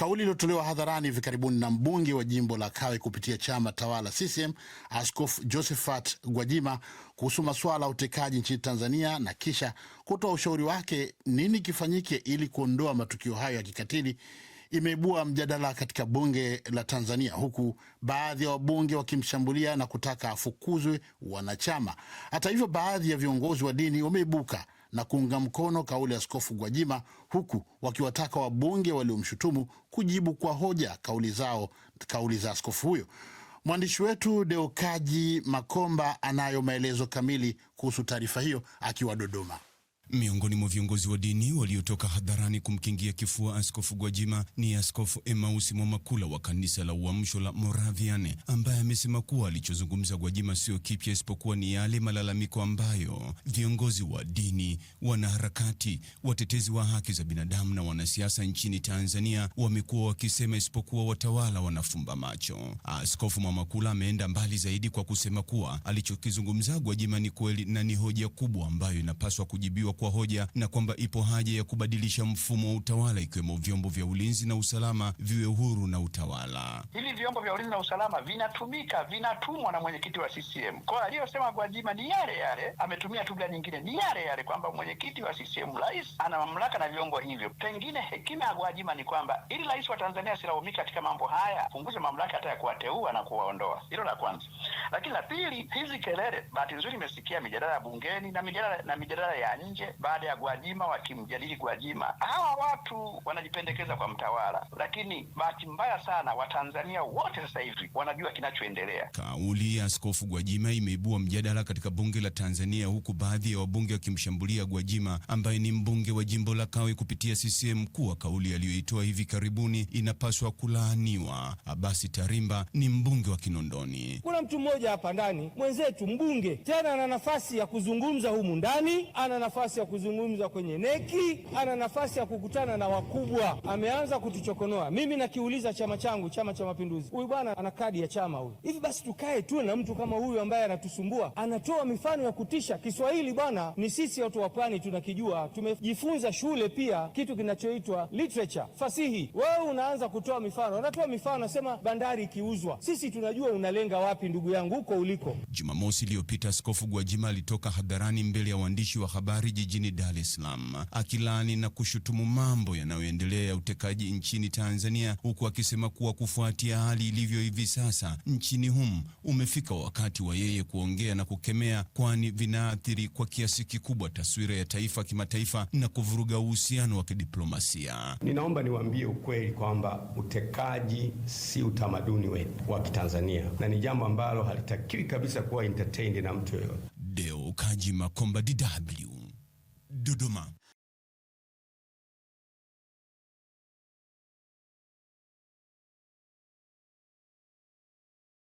Kauli iliyotolewa hadharani hivi karibuni na mbunge wa jimbo la Kawe kupitia chama tawala CCM, Askofu Josephat Gwajima kuhusu masuala ya utekaji nchini Tanzania na kisha kutoa ushauri wake nini kifanyike ili kuondoa matukio hayo ya kikatili imeibua mjadala katika bunge la Tanzania huku baadhi ya wabunge wakimshambulia na kutaka afukuzwe wanachama. Hata hivyo, baadhi ya viongozi wa dini wameibuka na kuunga mkono kauli ya Askofu Gwajima, huku wakiwataka wabunge waliomshutumu kujibu kwa hoja kauli zao, kauli za askofu huyo. Mwandishi wetu Deokaji Makomba anayo maelezo kamili kuhusu taarifa hiyo akiwa Dodoma. Miongoni mwa viongozi wa dini waliotoka hadharani kumkingia kifua Askofu Gwajima ni Askofu Emmaus Mwamakula wa Kanisa la Uamsho la Moravian, ambaye amesema kuwa alichozungumza Gwajima sio kipya, isipokuwa ni yale malalamiko ambayo viongozi wa dini, wanaharakati, watetezi wa haki za binadamu na wanasiasa nchini Tanzania wamekuwa wakisema, isipokuwa watawala wanafumba macho. Askofu Mwamakula ameenda mbali zaidi kwa kusema kuwa alichokizungumza Gwajima ni kweli na ni hoja kubwa ambayo inapaswa kujibiwa kwa hoja na kwamba ipo haja ya kubadilisha mfumo wa utawala ikiwemo vyombo vya ulinzi na usalama viwe huru na utawala. Hivi vyombo vya ulinzi na usalama vinatumika, vinatumwa na mwenyekiti wa CCM. Kwa aliyosema Gwajima ni yale yale, ametumia tu nyingine, ni yale yale kwamba mwenyekiti wa CCM, rais ana mamlaka na vyombo hivyo. Pengine hekima ya Gwajima ni kwamba ili rais wa Tanzania asilaumika katika mambo haya, punguze mamlaka hata ya kuwateua na kuwaondoa. Hilo la kwanza. Lakini la pili, hizi kelele, bahati nzuri imesikia mijadala ya bungeni na mijadala na mijadala ya nje baada ya Gwajima, wakimjadili Gwajima, hawa watu wanajipendekeza kwa mtawala, lakini bahati mbaya sana Watanzania wote sasa hivi wanajua kinachoendelea. Kauli ya Askofu Gwajima imeibua mjadala katika bunge la Tanzania, huku baadhi ya wabunge wakimshambulia Gwajima ambaye ni mbunge wa jimbo la Kawe kupitia CCM kuwa kauli aliyoitoa hivi karibuni inapaswa kulaaniwa. Abasi Tarimba ni mbunge wa Kinondoni. Kuna mtu mmoja hapa ndani mwenzetu, mbunge tena, ana nafasi ya kuzungumza humu ndani, ana nafasi ya kuzungumza kwenye neki, ana nafasi ya kukutana na wakubwa. Ameanza kutuchokonoa. Mimi nakiuliza chama changu, Chama cha Mapinduzi, huyu bwana ana kadi ya chama huyu, hivi basi tukae tuwe na mtu kama huyu ambaye anatusumbua, anatoa mifano ya kutisha. Kiswahili bwana, ni sisi watu wa pwani tunakijua, tumejifunza shule pia kitu kinachoitwa literature, fasihi. Wewe unaanza kutoa mifano, anatoa mifano, nasema bandari ikiuzwa, sisi tunajua unalenga wapi, ndugu yangu, huko uliko. Jumamosi iliyopita Askofu Gwajima alitoka hadharani mbele ya waandishi wa habari jijini Dar es Salaam akilani na kushutumu mambo yanayoendelea ya utekaji nchini Tanzania, huku akisema kuwa kufuatia hali ilivyo hivi sasa nchini humu umefika wakati wa yeye kuongea na kukemea, kwani vinaathiri kwa kiasi kikubwa taswira ya taifa kimataifa na kuvuruga uhusiano wa kidiplomasia. Ninaomba niwaambie ukweli kwamba utekaji si utamaduni wetu wa Kitanzania na ni jambo ambalo halitakiwi kabisa kuwa entertained na mtu yoyote. Deo Kaji Makomba, DW. de demain.